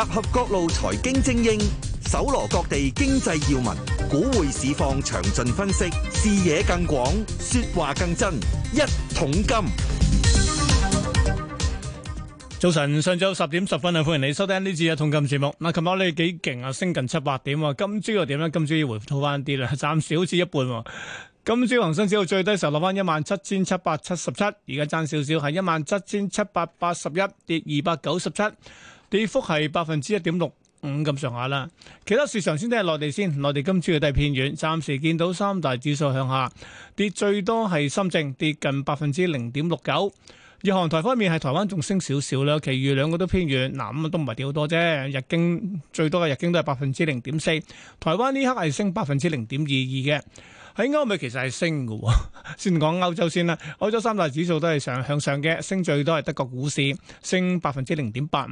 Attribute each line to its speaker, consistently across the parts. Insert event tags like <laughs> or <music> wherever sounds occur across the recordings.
Speaker 1: 集合各路財經精英，搜羅各地經濟要聞，股匯市況詳盡分析，視野更廣，說話更真。一桶金，早晨，上晝十點十分啊！歡迎你收聽呢次嘅桶金節目。嗱，琴日你幾勁啊，升近七八點啊！今朝又點呢？今朝要回吐翻啲啦，暫時好似一半喎。今朝恒生指數最低時候落翻一萬七千七百七十七，而家爭少少係一萬七千七百八十一，跌二百九十七。跌幅係百分之一點六五咁上下啦。其他市場先睇下內地先，內地今次嘅都係偏軟，暫時見到三大指數向下，跌最多係深證跌近百分之零點六九。日韓台方面係台灣仲升少少啦，其餘兩個都偏軟，嗱，咁、啊、都唔係跌好多啫。日經最多嘅日經都係百分之零點四，台灣呢刻係升百分之零點二二嘅。喺歐美其實係升喎。先講歐洲先啦。歐洲三大指數都係上向上嘅，升最多係德國股市升百分之零點八五。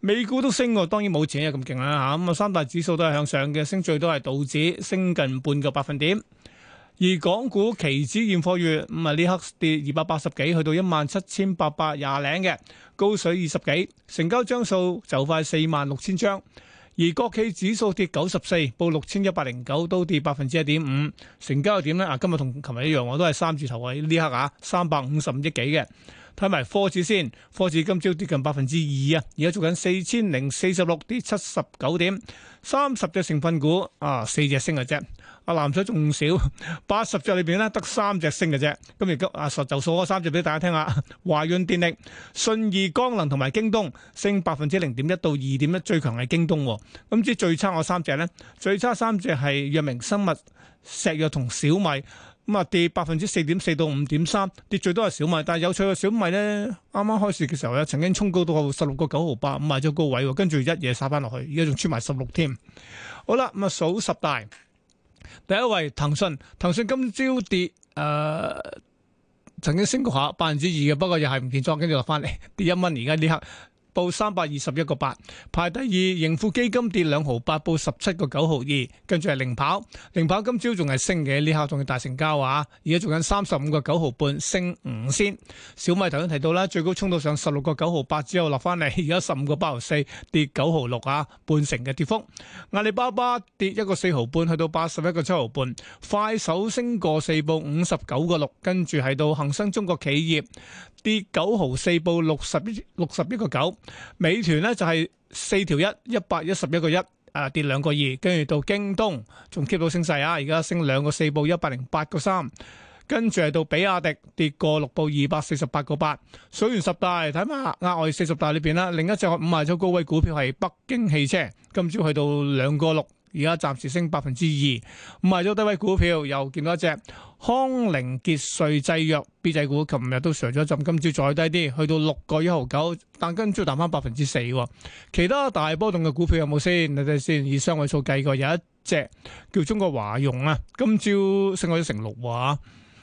Speaker 1: 美股都升，當然冇前日咁勁啦嚇。咁啊，三大指數都係向上嘅，升最多係道指升近半個百分點。而港股期指現貨月咁啊，呢刻跌二百八十幾，去到一萬七千八百廿零嘅高水二十幾，成交張數就快四萬六千張。而國企指數跌九十四，報六千一百零九，都跌百分之一點五。成交點呢？啊，今日同琴日一樣，我都係三字頭位，呢刻啊三百五十五億幾嘅。睇埋科指先，科指今朝跌近百分之二啊！而家做緊四千零四十六跌七十九點，三十隻成分股啊，四隻升嘅啫。啊，藍水仲少，八十隻裏邊咧得三隻升嘅啫。今日今阿實就數嗰三隻俾大家聽下：華潤電力、信義光能同埋京東升百分之零點一到二點一，最強係京東。咁至最，啊，最差我三隻咧，最差三隻係藥明生物、石藥同小米。咁啊跌百分之四點四到五點三，跌最多係小米。但係有趣嘅小米咧，啱啱開市嘅時候咧，曾經衝高到十六個九毫八，賣咗高位喎，跟住一夜殺翻落去，而家仲穿埋十六添。好啦，咁啊數十大，第一位騰訊，騰訊今朝跌誒、呃，曾經升過下百分之二嘅，不過又係唔見咗，跟住落翻嚟跌一蚊，而家呢刻。報三百二十一個八，排第二，盈富基金跌兩毫八，報十七個九毫二，跟住係零跑，零跑今朝仲係升嘅，呢下仲要大成交啊，而家做緊三十五個九毫半，升五先。小米頭先提到啦，最高衝到上十六個九毫八之後落翻嚟，而家十五個八毫四，跌九毫六啊，半成嘅跌幅。阿里巴巴跌一個四毫半，去到八十一個七毫半。快手升過四部，報五十九個六，跟住係到恒生中國企業。跌九毫四，報六十六十一個九，美團咧就係四條一一百一十一個一，啊跌兩個二，跟住到京東仲 keep 到升勢啊，而家升兩個四報一百零八個三，跟住係到比亞迪跌個六報二百四十八個八，數完十大睇下額外四十大裏邊啦，另一隻五廿周高位股票係北京汽車，今朝去到兩個六。而家暫時升百分之二，咁賣咗低位股票又見到一隻康寧傑瑞製藥 B 制股，琴日都上咗一陣，今朝再低啲，去到六個一毫九，但今朝彈翻百分之四。其他大波動嘅股票有冇先睇睇先？以雙位數計過有一隻叫中國華融1，啊，今朝升咗成六畫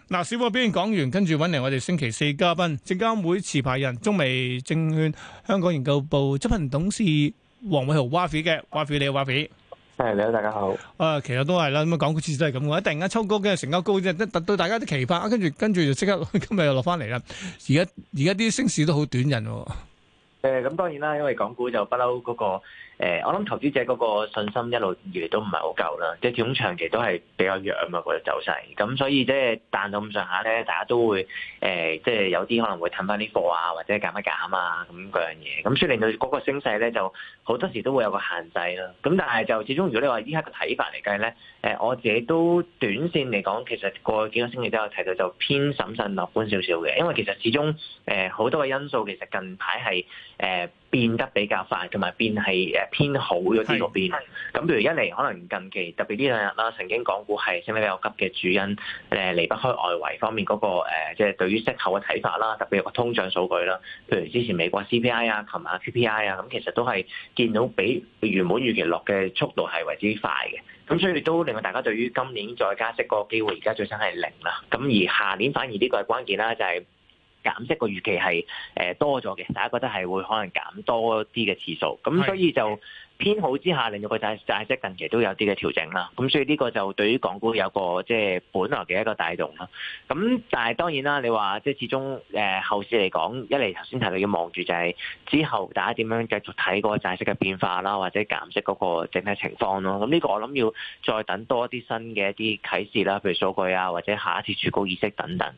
Speaker 1: 嗱。小夥子，表現講完跟住揾嚟我哋星期四嘉賓，證監會持牌人中美證券香港研究部執行董事黃偉豪 Wafi 嘅 Wafi，你好，Wafi。係你好，大家好。啊，其實都係啦，咁啊，港股次次都係咁嘅，突然間抽高，跟住成交高啫，突到大家都期盼，跟住跟住就即刻，今日又落翻嚟啦。而家而家啲升市都好短人，哦。
Speaker 2: 誒、嗯、咁、嗯、當然啦，因為港股就不嬲嗰個。誒，我諗投資者嗰個信心一路以嚟都唔係好夠啦，即係始終長期都係比較弱啊嘛嗰隻走勢，咁所以即係彈到咁上下咧，大家都會誒，即、呃、係、即係、有啲可能會揼翻啲貨啊，或者減一減啊咁嗰樣嘢，咁先令到嗰個升勢咧，就好多時都會有個限制啦。咁但係就始終如果你話來我依家嘅睇法嚟計咧，誒我自己都短線嚟講，其實過去幾個星期都有提到就偏審慎樂觀少少嘅，因為其實始終誒好、呃、多嘅因素其實近排係誒。呃變得比較快，同埋變係偏好咗啲嗰邊。咁譬是如一嚟，可能近期特別呢兩日啦，曾經港股係升得比較急嘅主因，誒離不開外圍方面嗰、那個即係、呃就是、對於息口嘅睇法啦，特別係個通脹數據啦。譬如之前美國 CPI 啊，琴日 PPI 啊，咁其實都係見到比原本預期落嘅速度係為之快嘅。咁所以都令到大家對於今年再加息個機會，而家最新係零啦。咁而下年反而呢個係關鍵啦，就係、是。減息個預期係誒、呃、多咗嘅，大家覺得係會可能減多啲嘅次數，咁所以就。偏好之下令到個債債息近期都有啲嘅調整啦，咁所以呢個就對於港股有個即係、就是、本來嘅一個帶動啦。咁但係當然啦，你話即係始終誒、呃、後市嚟講，一嚟頭先提到要望住就係之後大家點樣繼續睇嗰個債息嘅變化啦，或者減息嗰個整體情況咯。咁呢個我諗要再等多啲新嘅一啲啟示啦，譬如數據啊，或者下一次儲局議息等等。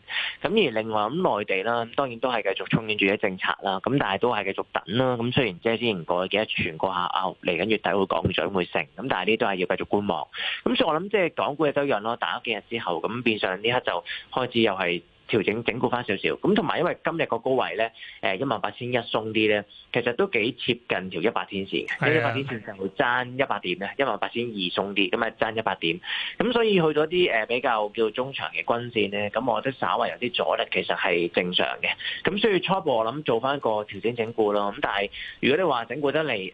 Speaker 2: 咁而另外咁內地啦，當然都係繼續憧憬住啲政策啦。咁但係都係繼續等啦。咁雖然即係之前過咗幾多全過下嚟緊月底會港股會成，咁但係呢都係要繼續觀望。咁所以我諗即係港股嘅周運咯，打咗幾日之後，咁變相呢刻就開始又係。調整整固翻少少，咁同埋因為今日個高位咧，誒一萬八千一鬆啲咧，其實都幾接近條一百天線嘅，因為一百天線上會爭一百點咧，一萬八千二鬆啲，咁啊爭一百點，咁所以去咗啲誒比較叫中長嘅均線咧，咁我覺得稍微有啲阻力其實係正常嘅，咁所以初步我諗做翻個調整整固咯，咁但係如果你話整固得嚟，誒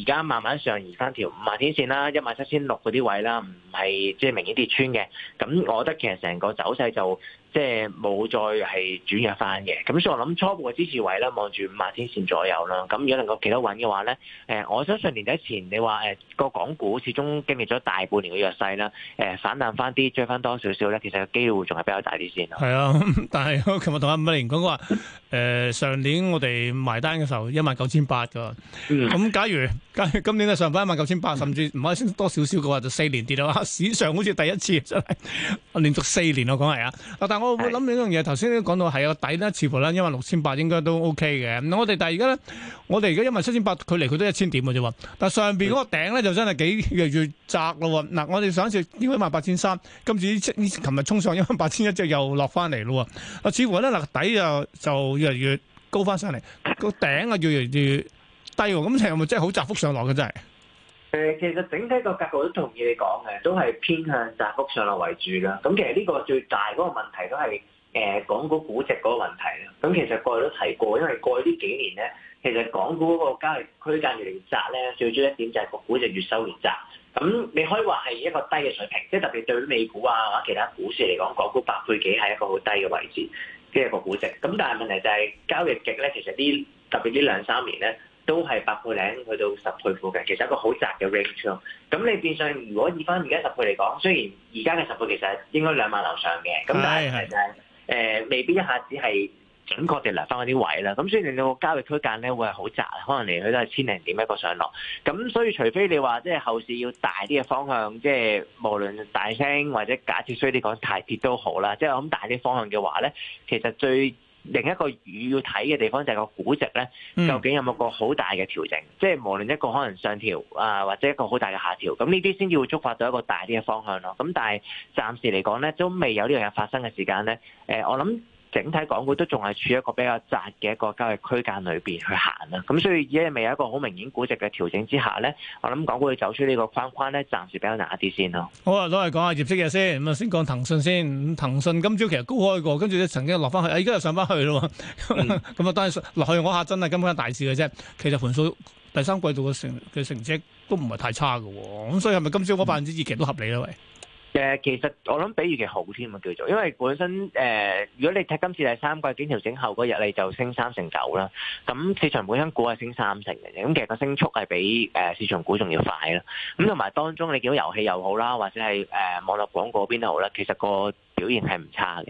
Speaker 2: 而家慢慢上移翻條五十天線啦，一萬七千六嗰啲位啦，唔係即係明顯跌穿嘅，咁我覺得其實成個走勢就。即係冇再係轉弱翻嘅，咁所以我諗初步嘅支持位咧望住五萬天線左右啦。咁如果能夠企得穩嘅話咧，誒、呃、我相信年底前你話誒個港股始終經歷咗大半年嘅弱勢啦，誒、呃、反彈翻啲，追翻多少少咧，其實個機會仲係比較大啲先咯。
Speaker 1: 係啊，但係我琴日同阿馬玲講話誒、呃、上年我哋埋單嘅時候一萬九千八㗎，咁、嗯、假如假如今年咧上翻一萬九千八，甚至唔可以多少少嘅話，就四年跌到嘛，史上好似第一次真係連續四年啊，我講係啊，我諗住呢樣嘢，頭先都講到係個底咧，似乎呢，因為六千八應該都 OK 嘅。我哋但係而家咧，我哋而家因為七千八，佢離佢都一千點嘅啫。但上邊嗰個頂咧就真係幾越嚟越窄咯。嗱、啊，我哋上一次應該賣八千三，今次呢？琴日衝上因為八千一，之後又落翻嚟咯。啊，似乎咧，嗱，底就就越嚟越高翻上嚟，個頂啊越嚟越低。咁係咪真係好窄幅上落嘅真係？
Speaker 2: 誒，其實整體個格局我都同意你講嘅，都係偏向窄幅上落為主啦。咁其實呢個最大嗰個問題都係誒，港、呃、股估值嗰個問題啦。咁其實過去都提過，因為過去呢幾年咧，其實港股嗰個交易區間越嚟越窄咧，最主要一點就係個估值越收越窄。咁你可以話係一個低嘅水平，即係特別對於美股啊或者其他股市嚟講，港股百倍幾係一個好低嘅位置，即、這、係個估值。咁但係問題就係交易極咧，其實呢特別呢兩三年咧。都係八倍零去到十倍附近，其實一個好窄嘅 range 咯。咁你變相如果以翻而家十倍嚟講，雖然而家嘅十倍其實應該兩萬樓上嘅，咁的但係誒誒，未必一下子係準確地嚟翻嗰啲位啦。咁所以你個交易區間咧會係好窄，可能嚟去都係千零點一個上落。咁所以除非你話即係後市要大啲嘅方向，即係無論大升或者假設衰啲講大跌都好啦。即係我諗大啲方向嘅話咧，其實最另一個要睇嘅地方就係個估值咧，究竟有冇個好大嘅調整？嗯、即係無論一個可能上調啊，或者一個好大嘅下調，咁呢啲先至會觸發到一個大啲嘅方向咯。咁但係暫時嚟講咧，都未有呢樣嘢發生嘅時間咧。誒，我諗。整體港股都仲係處於一個比較窄嘅一個交易區間裏邊去行啦，咁所以而家未有一個好明顯估值嘅調整之下咧，我諗港股要走出呢個框框咧，暫時比較難一啲先咯。
Speaker 1: 好啊，攞嚟講下業績嘅先，咁啊先講騰訊先。嗯、騰訊今朝其實高開過，跟住咧曾經落翻去，哎、而家又上翻去咯。咁啊但係落去嗰下真係今日大市嘅啫。其實盤數第三季度嘅成嘅成績都唔係太差喎。咁所以係咪今朝嗰百分之二其實都合理咧？嗯、喂！
Speaker 2: 誒，其實我諗，比預期好啲咁啊叫做，因為本身誒、呃，如果你睇今次第三季經調整後嗰日，你就升三成九啦。咁市場本身股係升三成嘅，咁其實個升速係比誒市場股仲要快啦。咁同埋當中，你見到遊戲又好啦，或者係誒、呃、網絡廣告嗰邊都好啦，其實、個表現係唔差嘅，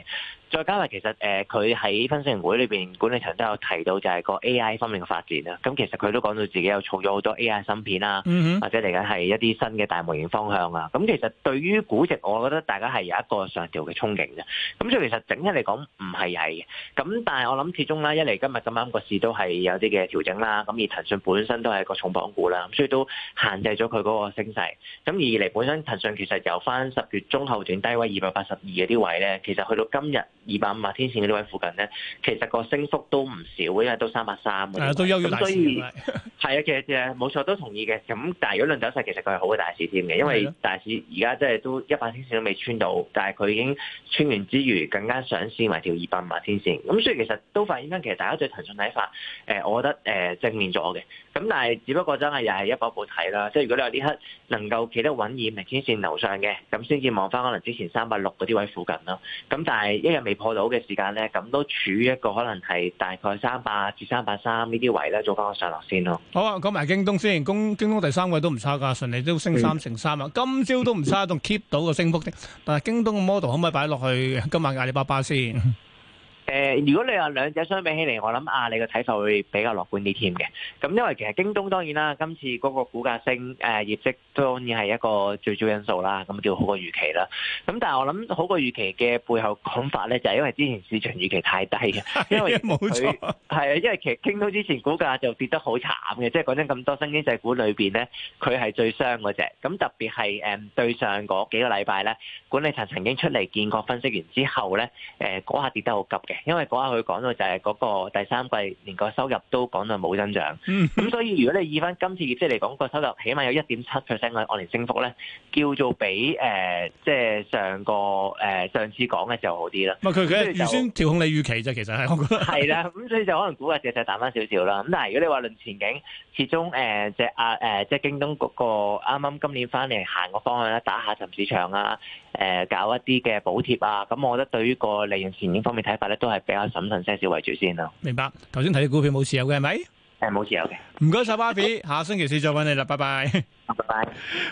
Speaker 2: 再加埋其實誒，佢喺分析會裏邊管理層都有提到，就係個 AI 方面嘅發展啦。咁其實佢都講到自己有儲咗好多 AI 芯片啦，或者嚟緊係一啲新嘅大模型方向啊。咁其實對於估值，我覺得大家係有一個上調嘅憧憬嘅。咁所以其實整體嚟講唔係係嘅。咁但係我諗始終咧，一嚟今日咁啱個市都係有啲嘅調整啦。咁而騰訊本身都係一個重磅股啦，所以都限制咗佢嗰個升勢。咁二嚟本身騰訊其實由翻十月中後段低位二百八十二啲。位咧，其實去到今日二百五十天線嗰啲位附近咧，其實個升幅都唔少，因為都三百三，咁所以係啊以， <laughs> 其實嘅冇錯都同意嘅。咁但係如果論走勢，其實佢係好嘅大市添嘅，因為大市而家即係都一百天線都未穿到，但係佢已經穿完之餘，更加上線埋條二百五十天線。咁所以其實都反映翻，其實大家對騰訊睇法，誒，我覺得誒、呃、正面咗嘅。咁但係，只不過真係又係一步一步睇啦。即係如果你話呢刻能夠企得穩以明天線樓上嘅，咁先至望翻可能之前三百六嗰啲位附近啦。咁但係一日未破到嘅時間咧，咁都處於一個可能係大概三百至三百三呢啲位咧，做翻個上落先咯。
Speaker 1: 好啊，講埋京東先，京京東第三位都唔差噶，順利都升三、嗯、成三啦、啊。今朝都唔差，仲 keep 到個升幅添。但係京東嘅 model 可唔可以擺落去今晚阿里巴巴先？如
Speaker 2: 果你話兩者相比起嚟，我諗阿里嘅睇法會比較樂觀啲添嘅。咁因為其實京東當然啦，今次嗰個股價升，呃、業績當然係一個最主要因素啦。咁就叫好過預期啦。咁但係我諗好過預期嘅背後講法咧，就係、是、因為之前市場預期太低嘅，的因為冇錯，係啊，因為其實京東之前股價就跌得好慘嘅，即係講真咁多新經濟股裏面咧，佢係最傷嗰隻。咁特別係、嗯、對上嗰幾個禮拜咧，管理層曾經出嚟見過分析員之後咧，嗰、呃、下跌得好急嘅。因為嗰日佢講到就係嗰個第三季連個收入都講到冇增長，咁、嗯、所以如果你以翻今次業績嚟講個收入起碼，起碼有一點七 percent 嘅按年升幅咧，叫做比誒、呃、即係上個誒、呃、上次講嘅就好啲啦。唔係佢佢預先
Speaker 1: 調控你預期啫，其實係，係啦，
Speaker 2: 咁所以就可能估價借勢彈翻少少啦。咁但係如果你話論前景，始終誒、呃、即係阿誒即係京東嗰個啱啱今年翻嚟行個方向咧，打下沉市場、呃、啊，誒搞一啲嘅補貼啊，咁我覺得對於個利潤前景方面睇法咧都。係比較審慎些少為住先咯。
Speaker 1: 明白。頭先睇啲股票冇持有嘅係咪？誒，冇持有嘅。唔該晒，Bobby。 <laughs> 下星期四再搵你啦。拜拜。拜拜。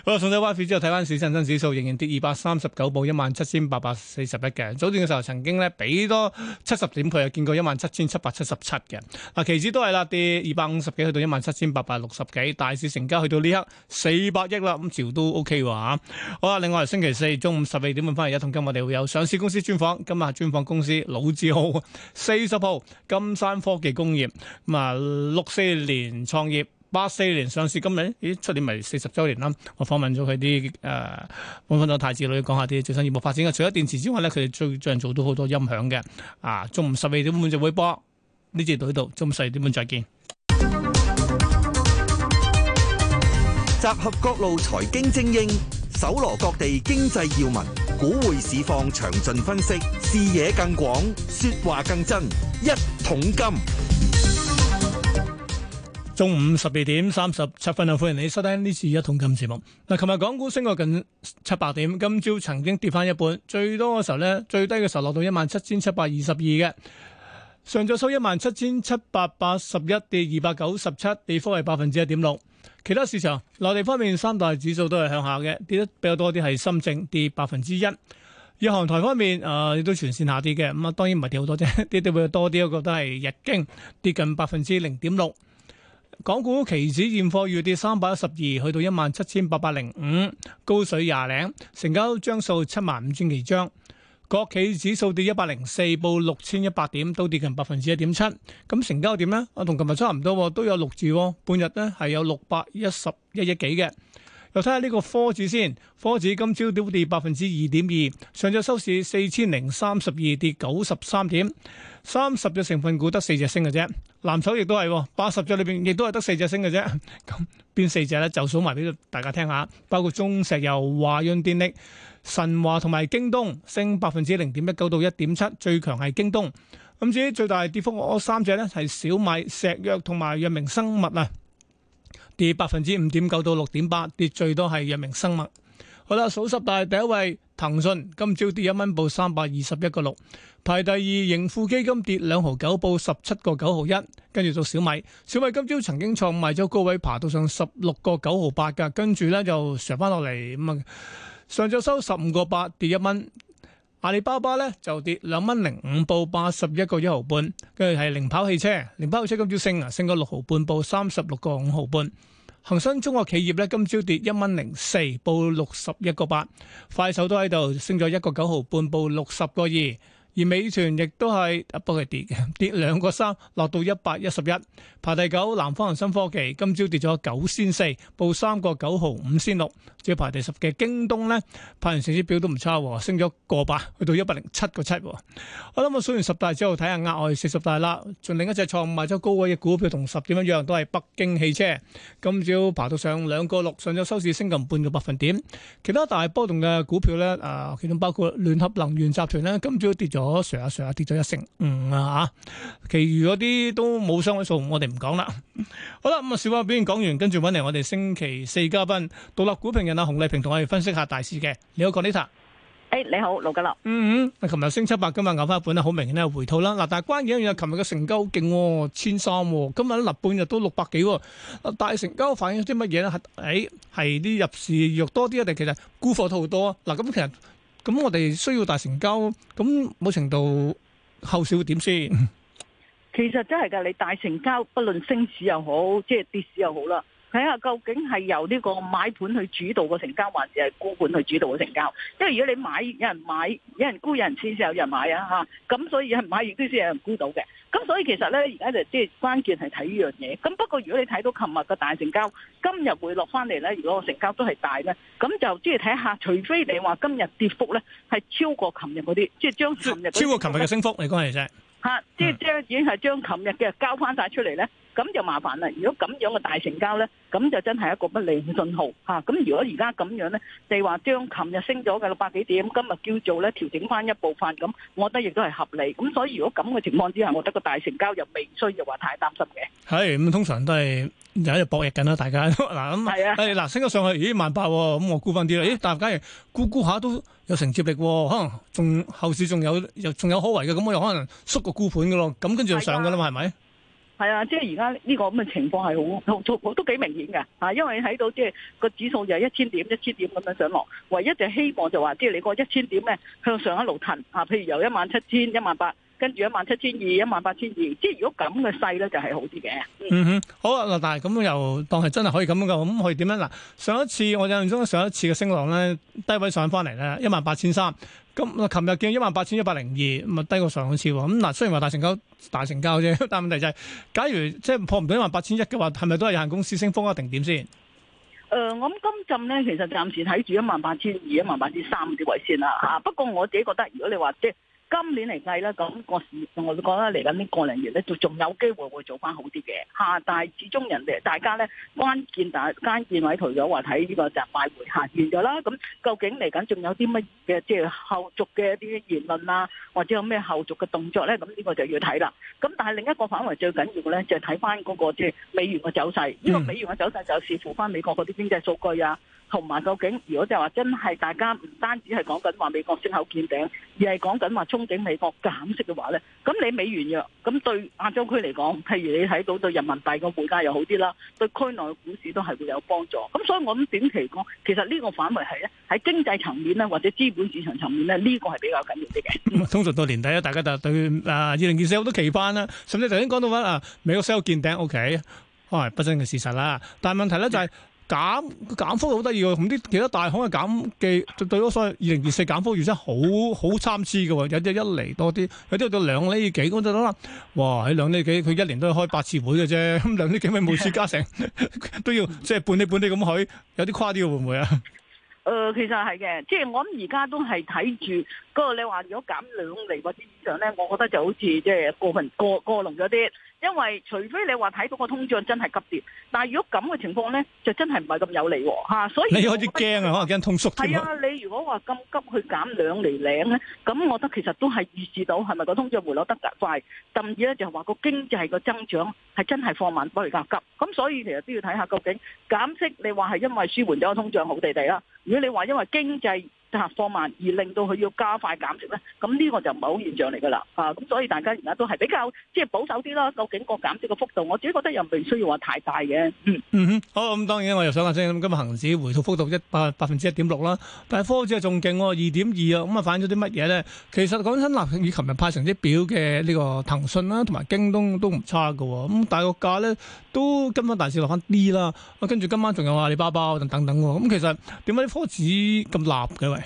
Speaker 1: 好啦，送走 Y 字之後，睇翻市恒生指數仍然跌二百三十九報一萬七千八百四十一嘅。早段嘅時候曾經咧俾多七十點倍，又見過一萬七千七百七十七嘅。嗱、啊，期指都係啦，跌二百五十幾，去到一萬七千八百六十幾。大市成交去到呢刻四百億啦，咁兆、嗯、都 O K 㗎吓。好啦，另外星期四中午十二點半翻嚟，一桶金，今日我哋會有上市公司專訪。今日專訪公司老字號四十號金山科技工業，咁啊六四年創業。八四年上市，今日咦出年咪四十周年啦！我訪問咗佢啲誒，訪問咗太子女，講下啲最新業務發展。除咗電池之外咧，佢哋最最近做到好多音響嘅。啊，中午十二點半就會播呢節到呢度，中午十二點半再見。集合各路財經精英，搜羅各地經濟要聞，股匯市況詳盡分析，視野更廣，說話更真，一桶金。中午十二點三十七分啊！歡迎你收聽呢次一桶金節目。嗱，琴日港股升過近七八點，今朝曾經跌翻一半，最多嘅時候呢，最低嘅時候落到一萬七千七百二十二嘅，上晝收一萬七千七百八十一，跌二百九十七，跌幅係百分之一點六。其他市場內地方面，三大指數都係向下嘅，跌得比較多啲係深證跌百分之一。日韓台方面，誒、呃、亦都全線下跌嘅。咁啊，當然唔係跌好多啫，跌得會多啲我覺得係日經跌近百分之零點六。港股期指現貨月跌三百一十二，去到一萬七千八百零五，高水廿零，成交張數七萬五千幾張。國企指數跌一百零四，報六千一百點，都跌近百分之一點七。咁成交點呢？我同琴日差唔多，都有六字。半日呢係有六百一十一億幾嘅。又睇下呢個科指先，科指今朝都跌百分之二點二，上晝收市四千零三十二，跌九十三點。三十隻成分股得四隻升嘅啫，藍籌亦都係，八十隻裏邊亦都係得四隻升嘅啫。咁邊四隻咧？就數埋俾大家聽下，包括中石油、華潤電力、神華同埋京東，升百分之零點一九到一點七，最強係京東。咁至於最大跌幅我呢，我三隻咧係小米、石藥同埋藥明生物啊，跌百分之五點九到六點八，跌最多係藥明生物。好啦，數十大第一位。騰訊今朝跌一蚊，報三百二十一個六，排第二。盈富基金跌兩毫九，報十七個九毫一。跟住到小米，小米今朝曾經創埋咗高位，爬到上十六個九毫八噶，跟住咧就上翻落嚟。咁啊，上晝收十五個八，跌一蚊。阿里巴巴咧就跌兩蚊零五，報八十一個一毫半。跟住係零跑汽車，零跑汽車今朝升啊，升個六毫半，報三十六個五毫半。恒生中國企業咧，今朝跌一蚊零四，報六十一個八。快手都喺度升咗一個九毫半，報六十個二。而美團亦都係一波跌嘅，跌兩個三，落到一百一十一，排第九。南方恒生科技今朝跌咗九仙四，報三個九毫五仙六，至排第十嘅。京東咧派完成績表都唔差，升咗個百，去到一百零七個七。我諗我數完十大之後，睇下額外四十大啦。仲有另一隻創賣咗高位嘅股票同十點一樣，都係北京汽車。今朝爬到上兩個六，上週收市升近半個百分點。其他大波動嘅股票咧，啊，其中包括聯合能源集團咧，今朝跌咗。嗰 share 啊,啊,啊跌咗一成五、嗯、啊吓，其餘嗰啲都冇雙位數，我哋唔講啦。好啦，咁啊，小股表演講完，跟住揾嚟我哋星期四嘉賓獨立股評人阿洪麗萍同我哋分析一下大市嘅。你好，Conita。
Speaker 3: 誒，你好，盧
Speaker 1: 嘉樂。哎、嗯嗯，琴日升七百今日，咬翻一本好明顯咧回吐啦。嗱，但係關鍵一琴日嘅成交勁、哦，千三、哦，今日立半日都六百幾。啊，大成交反映啲乜嘢咧？係誒，係啲入市若多啲啊，定其實沽貨都好多。嗱，咁其實。咁我哋需要大成交，咁冇程度後市會點先？其實
Speaker 3: 真係噶，你大成交不論升市又好，即係跌市又好啦，睇下究竟係由呢個買盤去主導個成交，還是係沽盤去主導個成交？因為如果你買，有人買，有人沽，有人先至有人買啊！吓，咁所以係買亦都先有人沽到嘅。咁所以其實咧，而家就即係關鍵係睇呢樣嘢。咁不過如果你睇到琴日個大成交，今日會落翻嚟咧，如果個成交都係大咧，咁就即係睇下，除非你話今日跌幅咧係超
Speaker 1: 過琴日嗰啲，即係將超過琴日嘅升幅，你講係啫
Speaker 3: 嚇，即係即係已經係將琴日嘅交翻晒出嚟咧。咁就麻煩啦！如果咁樣嘅大成交咧，咁就真係一個不利嘅信號嚇。咁、啊、如果而家咁樣咧，你話將琴日升咗嘅六百幾點，今日叫做咧調整翻一部分咁，我覺得亦都係合理。咁所以如果咁嘅情況之下，我覺得個大成交又未需要話太擔
Speaker 1: 心嘅。係咁，通常都係又喺度博弈緊啦，大家嗱咁。 <laughs> 啊！嗱那，啊、升咗上去，咦萬八喎！咁我沽翻啲啦。咦，大家估估沽沽下都有承接力，可能仲後市仲有又仲有可為嘅，咁我又可能縮個沽盤嘅咯。咁跟住就上㗎啦嘛，係咪、啊？
Speaker 3: 係啊，即係而家呢個咁嘅情況係好好都幾明顯嘅吓，因為睇到即係個指數就係一千點、一千點咁樣上落，唯一就希望就話即係你個一千點咧向上一路騰啊，譬如由一萬七千、一萬八，跟住一萬七千二、一萬八千二，即係如果咁嘅勢咧就係好啲嘅。嗯，
Speaker 1: 嗯哼，好啊嗱，但係咁又當係真係可以咁樣噶，咁可以點樣嗱？上一次我印象中上一次嘅升浪咧，低位上翻嚟咧，一萬八千三。咁我琴日見一萬八千一百零二，咪低過上次喎。咁嗱，雖然話大成交大成交啫，但問題就係、是，假如即係破唔到一萬八千一嘅話，係咪都係有限公司升幅一定點先？
Speaker 3: 誒，我諗、呃、今陣咧，其實暫時睇住一萬八千二、一萬八千三啲位先啦。啊，不過我自己覺得，如果你話跌。即今年嚟計咧，咁、那個市我哋覺得嚟緊呢個零月咧，就仲有機會會做翻好啲嘅嚇。但係始終人哋大家咧，關鍵但關鍵位除咗話睇呢個就買回行完咗啦，咁究竟嚟緊仲有啲乜嘅即係後續嘅一啲言論啊，或者有咩後續嘅動作咧？咁呢個就要睇啦。咁但係另一個範圍最緊要嘅咧，就係睇翻嗰個即係美元嘅走勢。呢個美元嘅走勢就視乎翻美國嗰啲經濟數據啊。同埋，究竟如果就話真係大家唔單止係講緊話美國息口見頂，而係講緊話憧憬美國減息嘅話咧，咁你美元弱，咁對亞洲區嚟講，譬如你睇到對人民幣個匯價又好啲啦，對區內股市都係會有幫助。咁所以我諗短期講，講，其實呢個反為係咧，喺經濟層面咧，或者資本市場層面咧，呢、這個
Speaker 4: 係比較緊要啲嘅。
Speaker 1: 通常到年底咧，大家就對啊二零二四好多期翻啦，甚至頭先講到乜啊美國息口見頂，OK，係、哎、不爭嘅事實啦。但係問題咧就係、是。嗯減減幅好得意喎，咁啲其他大行嘅減記對咗所謂二零二四減幅，預真係好好參差㗎喎，有啲一厘多啲，有啲去到兩厘幾，我哋諗啦，哇，喺兩厘幾，佢一年都開八次會嘅啫，咁兩厘幾咪每次加成 <laughs> 都要即係半厘半厘咁去。有啲誇啲會唔會啊？誒、
Speaker 3: 呃，其實係嘅，即係我諗而家都係睇住，不、那、過、個、你話如果減兩厘嗰啲以上咧，我覺得就好似即係過分過過濃咗啲。因為除非你話睇到個通脹真係急跌，但係如果咁嘅情況咧，就真係唔係咁有
Speaker 1: 利吓，所以你開始驚啊，可能驚通縮添啊。係啊，
Speaker 3: 你如果話咁急去減兩厘零咧，咁我覺得其實都係預示到係咪個通脹回落得快，甚至咧就係話個經濟個增長係真係放慢不如較急。咁所以其實都要睇下究竟減息，你話係因為舒緩咗個通脹好地地啦，如果你話因為經濟。下滑放慢，而令到佢要加快減息咧，咁呢個就唔係好現象嚟㗎啦。啊，咁所以大家而家都係比較即係保守啲啦。究竟個減息嘅幅度，我自己覺得又唔需要話太大嘅。
Speaker 1: 嗯嗯哼，好咁、嗯，當然我又想話聲，咁今日恆指回吐幅度一百百分之一點六啦，但係科指啊仲勁喎，二點二啊，咁、嗯、啊反映咗啲乜嘢咧？其實講真，立興與琴日派成績表嘅呢個騰訊啦，同埋京東都唔差㗎喎。咁但係個價咧都跟返大市落翻啲啦。跟、啊、住今晚仲有阿里巴巴等等㗎。咁、嗯、其實點解啲科指咁立嘅喂。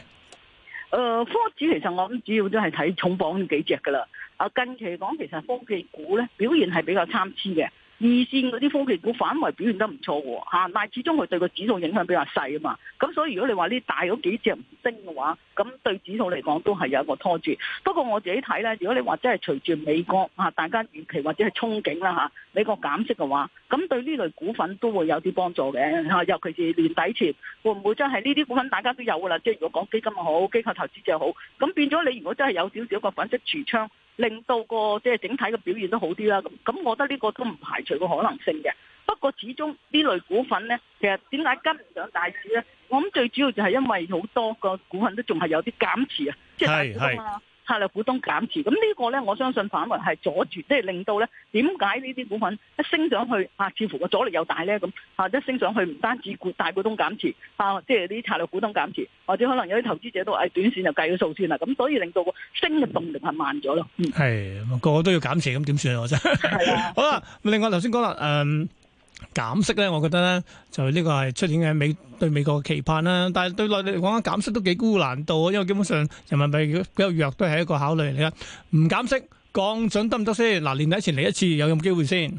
Speaker 3: 誒、呃、科技其實我諗主要都係睇重磅幾隻㗎啦。啊近期講其實科技股咧表現係比較參差嘅，二線嗰啲科技股反為表現得唔錯嚇、啊，但係始終佢對個指數影響比較細啊嘛。咁所以如果你話呢大咗幾隻唔升嘅話，咁對指數嚟講都係有一個拖住。不過我自己睇咧，如果你話真係隨住美國大家預期或者係憧憬啦嚇，美國減息嘅話，咁對呢類股份都會有啲幫助嘅嚇。尤其是年底前，會唔會真係呢啲股份大家都有噶啦？即係如果講基金又好，機構投資者又好，咁變咗你如果真係有少少個粉飾櫥窗，令到個即係整體嘅表現都好啲啦。咁咁，我覺得呢個都唔排除個可能性嘅。不過始終呢類股份咧，其實點解跟唔上大市咧？我諗最主要就係因為好多個股份都仲係有啲減持啊，即係大
Speaker 4: 股
Speaker 1: 東
Speaker 3: 啊，策略股東減持。咁呢個咧，我相信反為係阻住，即、就、係、是、令到咧，點解呢啲股份一升上去啊，似乎個阻力又大咧咁啊？一、啊、升上去唔單止股大股東減持啊，即係啲策略股東減持，或者可能有啲投資者都誒、哎，短綫就計個數先啦。咁所以令到個升嘅動力係慢咗咯。
Speaker 1: 係、嗯、個個都要減持，咁點算啊？真 <laughs> 係的好啦，另外頭先講啦，誒、嗯。減息咧，我覺得咧就呢個係出年嘅美對美國嘅期盼啦。但係對內地嚟講，減息都幾高難度，因為基本上人民幣比較弱都係一個考慮嚟嘅。唔減息降準得唔得先？嗱，年底前嚟一次有冇機會先？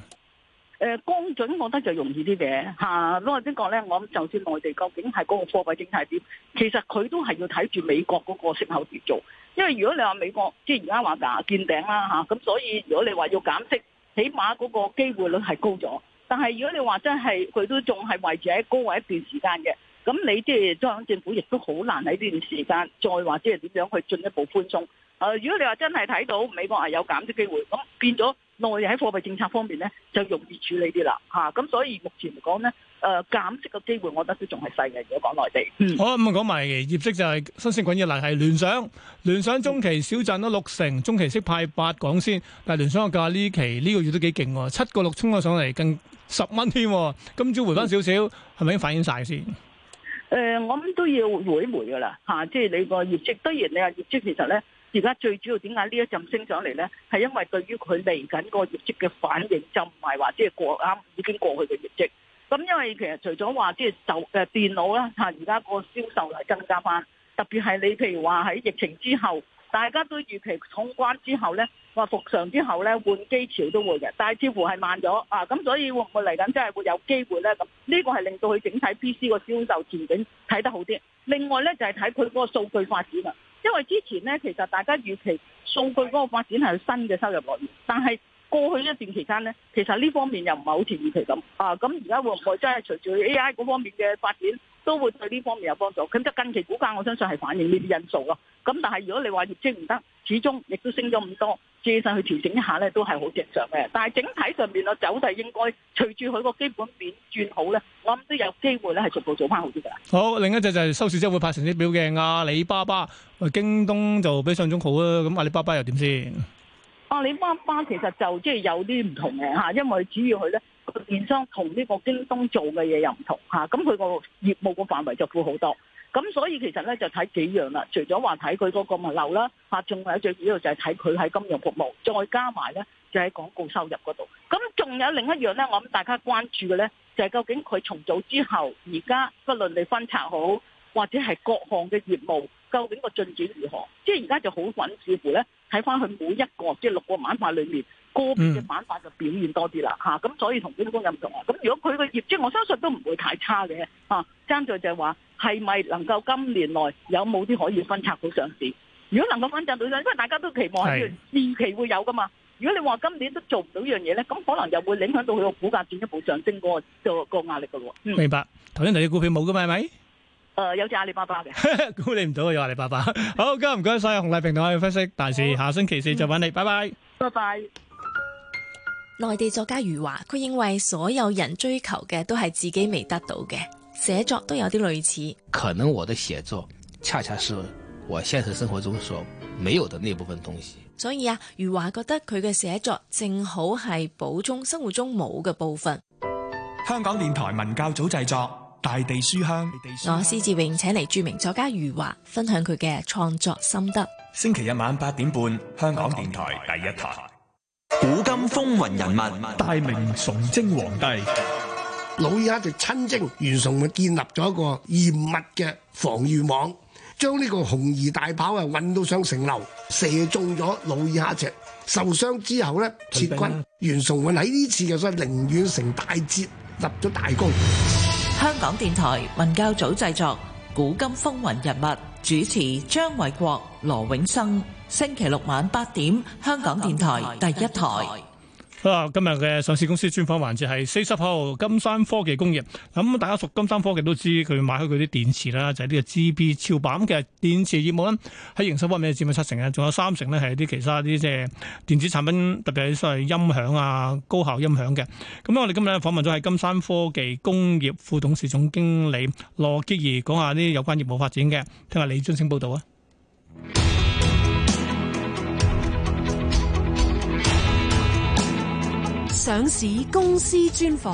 Speaker 3: 誒降準，我覺得就容易啲嘅嚇。因為點講咧，我諗就算內地究竟係嗰個貨幣政策係點，其實佢都係要睇住美國嗰個息口嚟做。因為如果你話美國即係而家話達見頂啦嚇，咁所以如果你話要減息，起碼嗰個機會率係高咗。但係如果你話真係佢都仲係維持喺高位一段時間嘅，咁你即係中央政府亦都好難喺呢段時間再話即係點樣去進一步寬鬆。啊、呃，如果你話真係睇到美國係有減息機會，咁變咗內地喺貨幣政策方面咧就容易處理啲啦。吓、啊，咁所以目前嚟講咧，誒減息嘅機會，我覺得都仲係細嘅。如果講內地，
Speaker 1: 嗯、好咁啊講埋業績就係新鮮滾嘅。嗱，係聯想，聯想中期少賺咗六成，中期息派八港仙。但係聯想個價呢期呢、呢個月都幾勁喎，七個六衝咗上嚟，更。十蚊添，今朝回翻少少，係咪、嗯、已經反映晒先？
Speaker 3: 誒、呃，我諗都要回一回噶啦，吓、啊，即、就、係、是、你個業績。當然，你話業績其實咧，而家最主要點解呢一陣升上嚟咧，係因為對於佢嚟緊個業績嘅反應就不是，就唔係話即係過啱已經過去嘅業績。咁、嗯、因為其實除咗話即係就誒、是呃、電腦啦，吓而家個銷售嚟增加翻，特別係你譬如話喺疫情之後。大家都預期通關之後呢，話復常之後呢，換機潮都會嘅，但係似乎係慢咗啊！咁所以會唔會嚟緊真係會有機會呢？咁呢個係令到佢整體 PC 個銷售前景睇得好啲。另外呢，就係睇佢嗰個數據發展，因為之前呢，其實大家預期數據嗰個發展係新嘅收入來源，但係過去一段期間呢，其實呢方面又唔係好似預期咁啊！咁而家會唔會真係隨住 AI 嗰方面嘅發展？都會對呢方面有幫助，咁即係近期股價，我相信係反映呢啲因素咯。咁但係如果你話業績唔得，始終亦都升咗咁多，借勢去調整一下咧，都係好正常嘅。但係整體上面個走勢應該隨住佢個基本面轉好咧，我諗都有機會咧，係逐步做翻好啲噶。
Speaker 1: 好，另一隻就係收市之後會派成績表嘅阿里巴巴，京東就比上中好啊。咁阿里巴巴又點先？
Speaker 3: 阿里巴巴其實就即係有啲唔同嘅吓，因為主要佢咧。個電商同呢個京東做嘅嘢又唔同吓，咁佢個業務個範圍就闊好多，咁所以其實咧就睇幾樣啦，除咗話睇佢嗰個物流啦，吓仲係最主要就係睇佢喺金融服務，再加埋咧就喺廣告收入嗰度，咁仲有另一樣咧，我諗大家關注嘅咧就係究竟佢重組之後而家不論你分拆好或者係各項嘅業務。究竟個進展如何？即係而家就好穩，似乎咧睇翻佢每一個，即係六個板塊裏面個別嘅板塊就表現多啲啦，吓咁、嗯。啊、所以同嗰啲工又唔同啊。咁如果佢嘅業績，我相信都唔會太差嘅啊。爭在就係話係咪能夠今年內有冇啲可以分拆到上市？如果能夠分拆到上市，因為大家都期望佢是年期會有噶嘛。如果你話今年都做唔到呢樣嘢咧，咁可能又會影響到佢個股價進一步上升個個個壓力噶。嗯、
Speaker 1: 明白。頭先你隻股票冇噶嘛？係咪？誒、呃，有隻阿里巴巴嘅估你唔到啊，有阿里巴巴。 <laughs> 好，今日唔該晒洪麗萍同我哋分析，但是 <laughs> 下星期四就搵你，拜拜，嗯。
Speaker 3: 拜拜。
Speaker 5: 內 bye 地作家余華，佢認為所有人追求嘅都係自己未得到嘅，寫作都有啲類似。
Speaker 1: 可能我的寫作，恰恰是我現實生活中所沒有的那部分東西。
Speaker 5: 所以啊，余華覺得佢嘅寫作正好係補充生活中冇嘅部分。
Speaker 1: 香港電台文教組製作。大地書香，地地書香，
Speaker 5: 我施志榮請嚟著名作家余華分享佢嘅創作心得。
Speaker 1: 星期日晚八點半，香港電台第一台。台一台古今風雲人物，人物大明崇禎皇帝，皇帝努爾哈赤親征袁崇煥，建立咗一個嚴密嘅防禦網，將呢個紅夷大炮啊運到上城樓，射中咗努爾哈赤，受傷之後呢，撤軍。啊、袁崇煥喺呢次嘅所以寧遠城大捷，立咗大功。
Speaker 5: 香港電台
Speaker 3: 文教組製作《古今風雲人物》，主持張偉國、羅永生。
Speaker 1: 星期六晚八點，香港電台第一台。好，今日嘅上市公司專訪環節係四十號金山科技工業。咁大家熟金山科技都知，佢買開佢啲電池啦，就係、是、呢個 GB 超霸。咁其實電池業務咧，喺營收方面佔咗七成啊，仲有三成咧係啲其他啲即係電子產品，特別係所謂音響啊、高效音響嘅。咁我哋今日咧訪問咗係金山科技工業副董事總經理羅傑兒，講下啲有關業務發展嘅。聽下李津升報道啊！
Speaker 4: 上市公司專訪。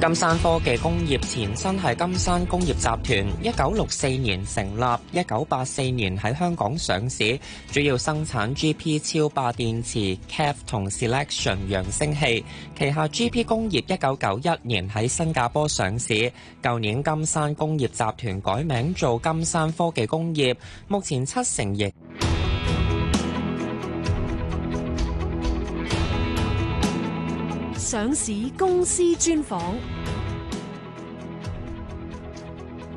Speaker 5: 金山科技工業前身係金山工業集團，一九六四年成立，一九八四年喺香港上市，主要生產 GP 超霸電池、CAF 同 Selection 揚聲器。旗下 GP 工業一九九一年喺新加坡上市，舊年金山工業集團改名做金山科技工業，目前七成億。
Speaker 4: 上市公司專訪。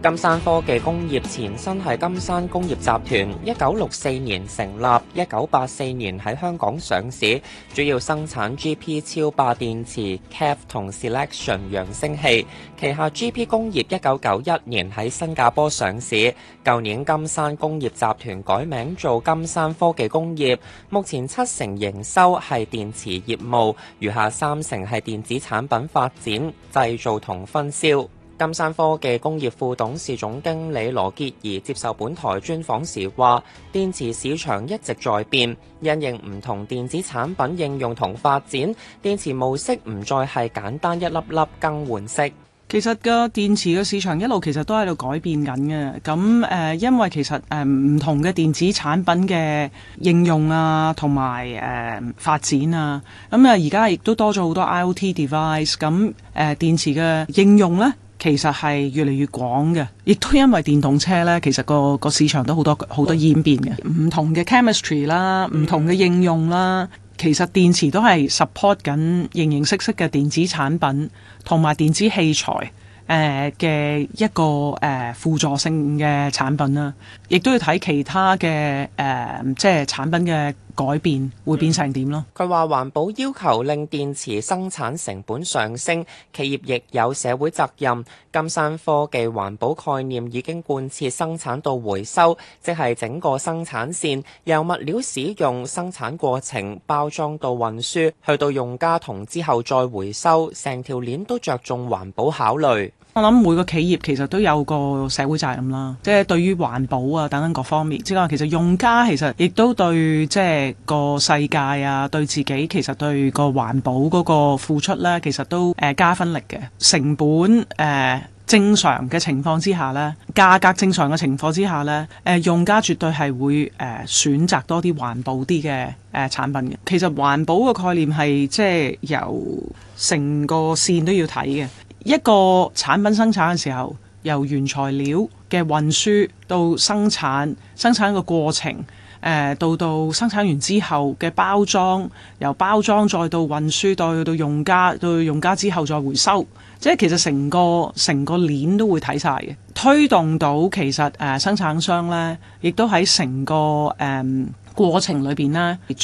Speaker 5: 金山科技工業前身係金山工業集團，一九六四年成立，一九八四年喺香港上市，主要生產 G.P. 超霸電池 CAP 同 Selection 揚聲器。旗下 G.P. 工業一九九一年喺新加坡上市，舊年金山工業集團改名做金山科技工業。目前七成營收係電池業務，餘下三成係電子產品發展、製造同分銷。金山科技工業副董事總經理羅杰儀接受本台專訪時話，電池市場一直在變，因應唔同電子產品應用同發展，電池模式唔再係簡單一粒粒更
Speaker 4: 換式。其實個電池嘅市場一路其實都喺度改變緊嘅。咁誒，因為其實誒唔同嘅電子產品嘅應用啊，同埋誒發展啊，咁啊而家亦都多咗好多 IoT device。咁誒，電池嘅應用呢？其實係越嚟越廣嘅，亦都因為電動車呢，其實個，個市場都好多好多演變嘅，唔同嘅 chemistry 啦、嗯，唔同嘅應用啦，其實電池都係 support 緊形形色色嘅電子產品同埋電子器材誒嘅、呃、一個誒、呃、輔助性嘅產品啦，亦都要睇其他嘅誒、呃、即係產品嘅。改變會變成點咯？
Speaker 5: 佢話環保要求令電池生產成本上升，企業亦有社會責任。金山科技環保概念已經貫徹生產到回收，即係整個生產線由物料使用、生產過程、包裝到運輸，去到用家同之後再回收，成條鏈都着重環保考慮。
Speaker 4: 我諗每個企業其實都有個社會責任啦，即係對於環保啊等等各方面即係話，其實用家其實亦都對即係個世界啊，對自己其實對個環保嗰個付出呢，其實都誒、呃、加分力嘅。成本誒、呃、正常嘅情況之下呢，價格正常嘅情況之下呢，誒、呃、用家絕對係會誒、呃、選擇多啲環保啲嘅誒產品嘅。其實環保嘅概念係即係由成個線都要睇嘅。一個產品生產嘅時候，由原材料嘅運輸到生產生產個過程，誒、呃、到到生產完之後嘅包裝，由包裝再到運輸，再到，到用家，到，到用家之後再回收，即係其實成個成個鏈都會睇晒嘅，推動到其實誒、呃、生產商呢，亦都喺成個誒。嗯過程裏面呢再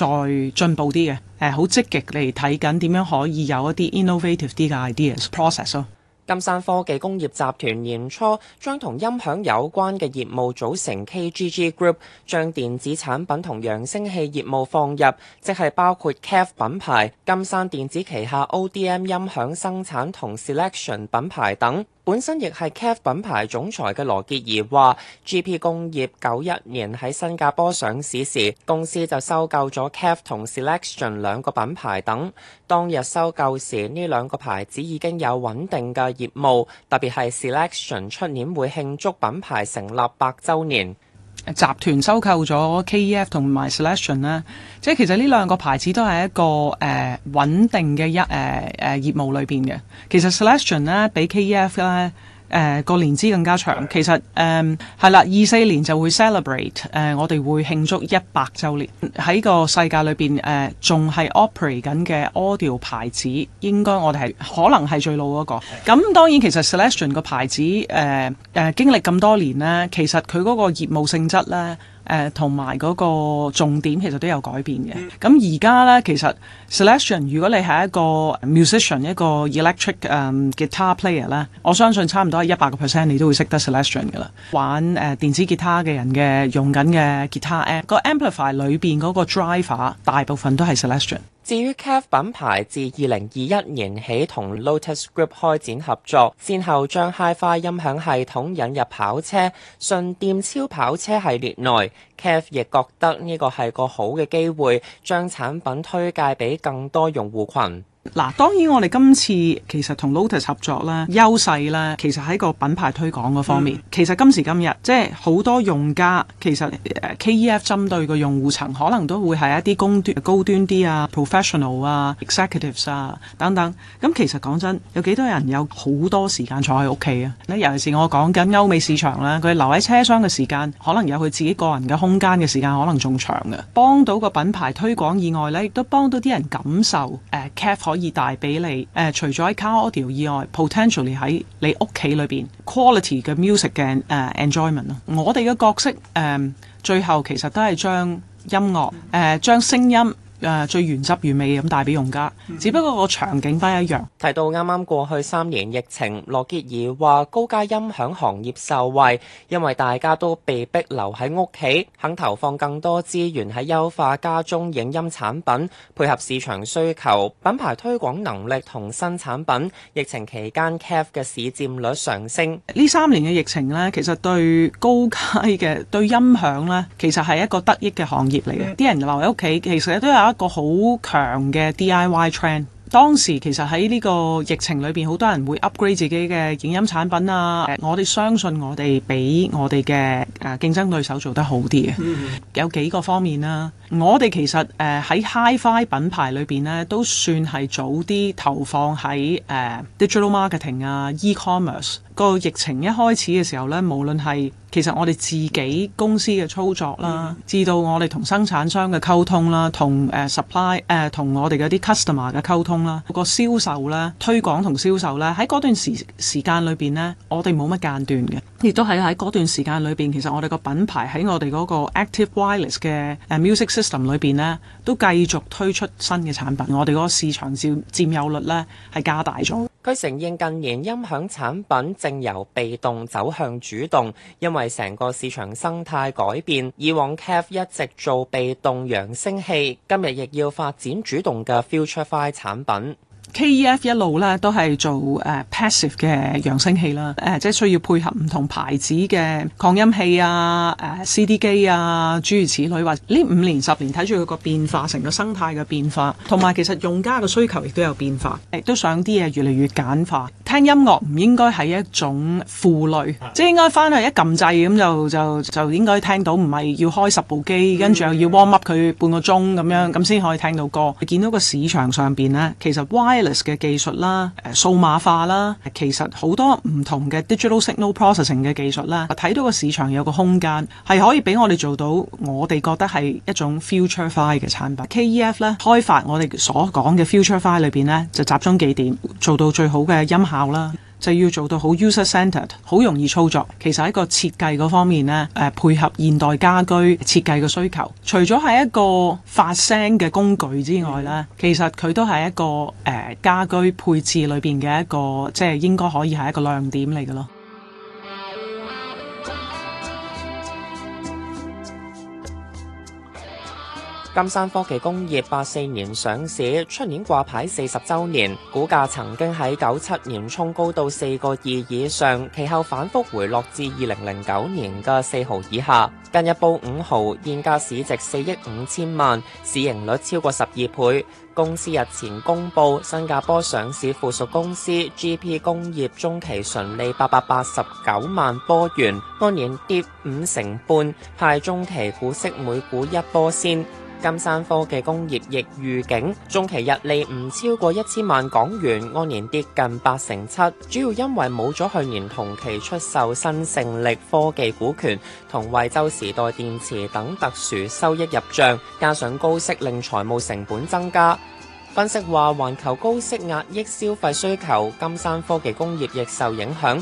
Speaker 4: 進步啲嘅誒，好積極嚟睇緊點樣可以有一啲 innovative 啲嘅 ideas process 咯。
Speaker 5: 金山科技工業集團年初將同音響有關嘅業務組成 KGG Group，將電子產品同揚聲器業務放入，即係包括 KEF 品牌、金山電子旗下 ODM 音響生產同 Selection 品牌等。本身亦係 KEF 品牌總裁嘅羅杰兒話 GP 工業九一年喺新加坡上市時，公司就收購咗 KEF 同 Celestion 兩個品牌等。當日收購時呢兩個牌子已經有穩定嘅業務，特別係 Celestion 出年會慶祝品牌成立百周年。
Speaker 4: 集團收購咗 KEF 同埋 Selection，即係其實呢兩個牌子都係一個誒、啊、穩定嘅一誒誒、啊啊、業務裏邊嘅。其實 Selection 咧，比 KEF 咧。誒個、呃、年資更加長，其實誒係啦，二、嗯、四年就會 celebrate 誒、呃，我哋會慶祝一百週年。喺個世界裏邊誒，仲、呃、係 operate 緊嘅 Audio 牌子，應該我哋係可能係最老嗰個。咁當然其實 Selection 個牌子誒誒、呃呃、經歷咁多年咧，其實佢嗰個業務性質呢，誒同埋嗰個重點其實都有改變嘅。咁而家呢，其實。Celestion，如果你係一個 musician，一個 electric 誒吉他 player 咧，我相信差唔多係一百個 percent 你都會識得 Celestion 嘅啦。玩誒、呃、電子吉他嘅人嘅用緊嘅吉他 app，個 amplifier 裏邊嗰個 driver 大部分都係 Celestion。
Speaker 5: 至於 KEF 品牌自二零二一年起同 Lotus Group 開展合作，先後將 Hi-Fi 音響系統引入跑車純電超跑車系列內。KEF 亦覺得呢個係個好嘅機會，將產品
Speaker 4: 推介俾更多用戶群。嗱，當然我哋今次其實同 Lotus 合作啦，優勢啦，其實喺個品牌推廣嗰方面，嗯、其實今時今日即係好多用家，其實、呃、KEF 針對嘅用戶層可能都會係一啲高高端啲啊，professional 啊，executives 啊等等。咁、嗯、其實講真，有幾多人有好多時間坐喺屋企啊？咧，尤其是我講緊歐美市場啦，佢留喺車廂嘅時間，可能有佢自己個人嘅空間嘅時間，可能仲長嘅。幫到個品牌推廣以外咧，亦都幫到啲人感受、呃、c a 可以帶俾你誒，除咗喺 car audio 以外，potentially 喺你屋企裏邊 quality 嘅 music 嘅誒 enjoyment 咯。我哋嘅角色誒，最後其實都係將音樂誒，將聲音，誒最原汁原味咁帶俾用家，只不過個場景不一樣。提到啱啱過去三年疫
Speaker 5: 情，羅傑爾話高階音響行業受惠，因為大家都被逼留喺屋企，肯投放更多資源喺優化家中影音產品，配合市場需求、品牌推廣能力同新產品。疫情期間
Speaker 4: KEF 嘅市佔率上升。呢三年嘅疫情呢，其實對高階嘅對音響呢，其實係一個得益嘅行業嚟嘅。啲、嗯、人留喺屋企，其實都有，一個好強嘅 DIY trend，當時其實喺呢個疫情裏邊，好多人會 upgrade 自己嘅影音產品啊。我哋相信我哋比我哋嘅誒競爭對手做得好啲嘅。Mm hmm. 有幾個方面啦、啊，我哋其實誒喺、啊、Hi-Fi 品牌裏邊呢，都算係早啲投放喺誒、啊、digital marketing 啊，e-commerce。E 這個疫情一開始嘅時候呢，無論係其實我哋自己公司嘅操作啦，至、嗯、到我哋同生產商嘅溝通啦，同 supply 同我哋嗰啲 customer 嘅溝通啦，個銷售啦，推廣同銷售咧，喺嗰段時時間裏邊咧，我哋冇乜間斷嘅，亦都係喺嗰段時間裏面。其實我哋個品牌喺我哋嗰個 active wireless 嘅 music system 裏面咧，都繼續推出新嘅產品，我哋嗰個市場佔有率咧係加大咗。
Speaker 5: 佢承認近年音響產品正由被動走向主動，因為為成個市場生態改變，以往 Cav 一直做被動揚聲器，今日亦要發展主動嘅 Future fi 產品。
Speaker 4: KEF 一路咧都係做、uh, passive 嘅揚聲器啦，呃、即係需要配合唔同牌子嘅擴音器啊、啊 CD 機啊諸如此類。話呢五年十年睇住佢個變化，成個生態嘅變化，同埋其實用家嘅需求亦都有變化，都想啲嘢越嚟越簡化。聽音樂唔應該係一種負累，即係應該翻去一撳掣咁就就就應該聽到，唔係要開十部機，跟住又要 warm up 佢半個鐘咁樣，咁先可以聽到歌。見到個市場上面咧，其實 Y 嘅技術啦，數碼化啦，其實好多唔同嘅 Digital Signal Processing 嘅技術啦，睇到個市場有個空間，係可以俾我哋做到，我哋覺得係一種 future-fi 嘅產品。KEF 咧開發我哋所講嘅 future-fi 裏邊咧，就集中幾點做到最好嘅音效啦。就要做到好 user-centered，好容易操作。其實喺個設計嗰方面呢、呃，配合現代家居設計嘅需求。除咗係一個發聲嘅工具之外呢，其實佢都係一個、呃、家居配置裏面嘅一個，即係應該可以係一個亮點嚟嘅咯。
Speaker 5: 金山科技工業八四年上市，出年掛牌四十周年，股價曾經喺九七年衝高到四個二以上，其後反覆回落至二零零九年嘅四毫以下。近日報五毫，現價市值四億五千萬，市盈率超過十二倍。公司日前公布新加坡上市附屬公司 GP 工業中期純利八百八十九萬波元，按年跌五成半，派中期股息每股一波仙。金山科技工業亦預警中期溢利唔超過一千萬港元，按年跌近八成七，主要因為冇咗去年同期出售新勝力科技股權同惠州時代電池等特殊收益入賬，加上高息令財務成本增加。分析話，環球高息壓抑消費需求，金山科技工業亦受影響。